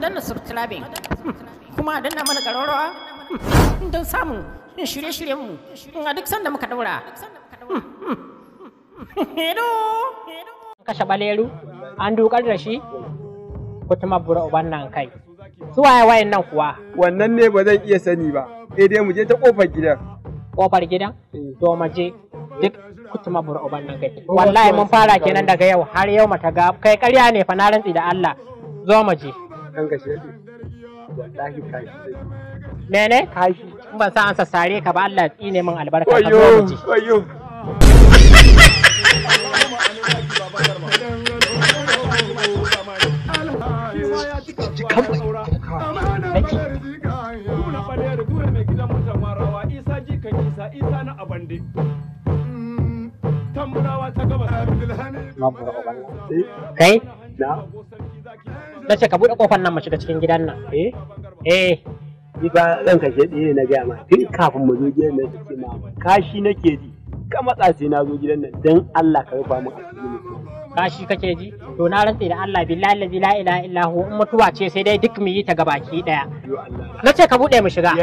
danna subscribing kuma danna mana ƙararrawa don samun shirye-shiryenmu a duk sanda muka daura. Hedo! Kashe baleru, an dukar da shi, kutuma bura uban nan kai. Su waye wayan nan kuwa? Wannan ne ba zan iya sani ba, Eh dai mu je ta kofar gidan. Kofar gidan? Eh. To mu je duk kutuma bura uban nan kai. Wallahi mun fara kenan daga yau har yau mata ga kai ƙarya ne fa na rantsi da Allah. Zo mu je. kan shi wallahi ka shi mene ka in ban sa an sassare ka ba Allah tsine min albarka ka kai na na ce ka buɗe kofar nan mu shiga cikin gidan nan eh eh ni ba zan kashe ne na gaya ma tun kafin mu zo gidan nan sai ma kashi nake ji ka matsa sai na zo gidan nan dan Allah ka rufa mu asiri kashi kake ji to na rantse da Allah billahi la ilaha illa hu in mutuwa ce sai dai duk mu yi ta gabaki daya na ce ka buɗe mu shiga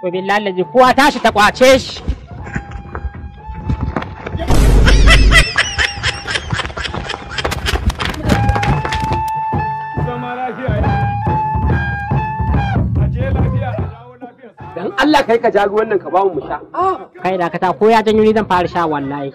to billahi kowa tashi ta kwace shi Dan Allah kai ka jaru wannan ka bamu mu sha. Ah. Kai da kata ko ya janyo ni zan fara sha wallahi.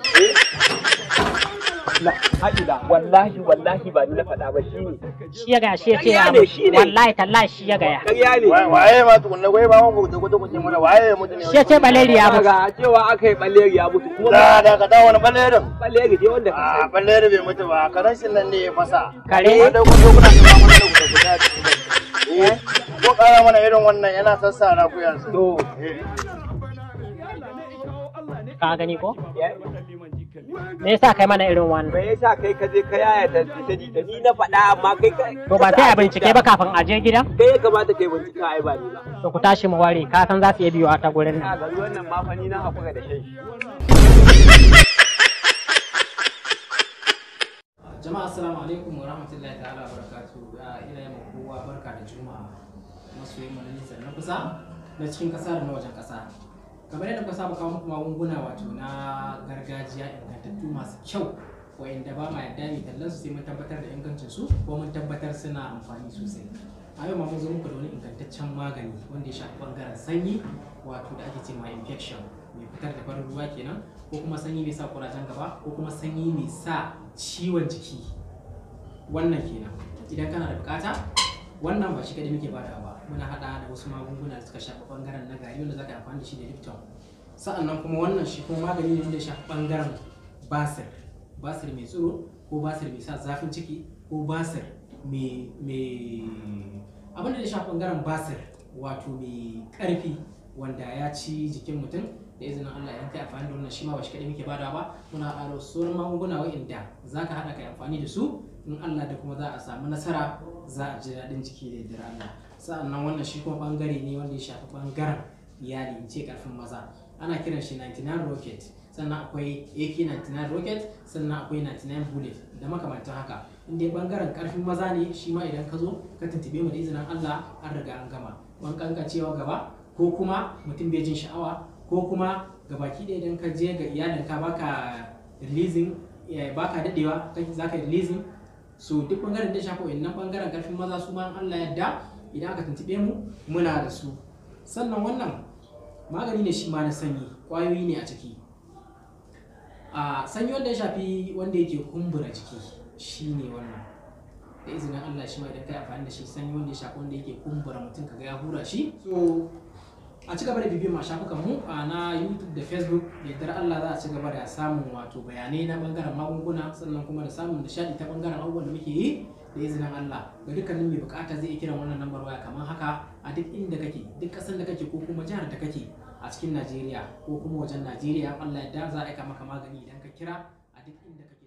Ha'ila wallahi wallahi ba ni na faɗa ba shi ne. Shi ya gaya shi ya ce ya wallahi tallahi shi ya gaya. Ƙarya ne. Waye ma tukunna gwai ba mun gobe gobe kuce mana waye mutu ne. Shi ya ce baleri ya mutu. Ga cewa aka yi baleri ya mutu kuma. Da da ka wani balerin. Baleri je wanda ka. Ah baleri bai mutu ba karan nan ne ya fasa. Kare. Wanda kun zo kuna irin wannan yana sassara ku yanzu to ka gani ko me yasa kai mana irin wannan me yasa kai ka je ka yaya ta ta ji ta ni na faɗa amma kai ka to ba sai a bincike ba kafin a je gidan kai ya kamata kai bincika ai ba ni ba to ku tashi mu ware ka san za su iya biyo a ta gurin nan wannan ma fa ni na kuka da shi jama'a assalamu alaikum wa rahmatullahi ta'ala wa barakatuh ina yi kowa barka da juma'a masoyin majalisar na kusa na cikin kasa da na wajen kasa kamar yadda kusa saba kawo magunguna wato na gargajiya ingantattu masu kyau wa'inda ba ma yadda mai tallan su sai mun tabbatar da ingancin su ko mun tabbatar suna amfani sosai a yau ma mun zo muku da wani ingantaccen magani wanda ya shafi bangaren sanyi wato da ake ce ma infection mai fitar da farin ruwa kenan ko kuma sanyi mai sa kurajen gaba ko kuma sanyi mai sa ciwon jiki wannan kenan idan kana da bukata wannan ba shi kadai muke bada ba muna hada da wasu magunguna da suka shafi bangaren na gari wanda za ka amfani da shi da lipton sa'annan kuma wannan shi kuma magani ne wanda ya shafi bangaren basir basir mai tsoro ko basir mai sa zafin ciki ko basir mai abin da ya shafi bangaren basir wato mai karfi wanda ya ci jikin mutum da izinin Allah in kai amfani da wannan shi ma ba shi kaɗai muke badawa ba muna ƙaro sauran magunguna wa'inda za ka haɗa ka amfani da su in Allah da kuma za a samu nasara za a ji daɗin ciki da yardar Allah sa'annan wannan shi kuma bangare ne wanda ya shafi bangaren iyali in ce karfin maza ana kiran shi 99 rocket sannan akwai AK-99 rocket sannan akwai 99 bullet da makamantan haka inda ya bangaren karfin maza ne shi ma idan ka zo ka tuntube mu da izinin Allah an riga an gama wani kankacewa gaba ko kuma mutum bai jin sha'awa ko kuma gabaki ɗaya idan ka je ga iyalinka baka releasing eh, baka dadewa za ka so duk bangaren da shafa wannan bangaren karfin maza su ma Allah yadda idan aka tuntube mu muna da su sannan wannan magani ne shi ma na sanyi kwayoyi ne a ciki a sanyi wanda ya shafi wanda yake kumbura jiki shi ne wannan da izinin Allah shi ma idan kai amfani da shi sanyi wanda ya shafi wanda yake kumbura mutum kaga ya hura shi so a ci gaba da bibiyar ma shafukan mu a na youtube da facebook da yadda allah za a ci gaba da samun wato bayanai na bangaren magunguna sannan kuma da samun shaɗi ta bangaren abubuwan da muke yi da izinin allah ga dukkanin mai bukata zai iya kiran wannan lambar waya kamar haka a duk inda kake duk kasan da kake ko kuma jihar da kake a cikin najeriya ko kuma wajen najeriya allah ya da za a aika maka magani idan ka kira a duk inda kake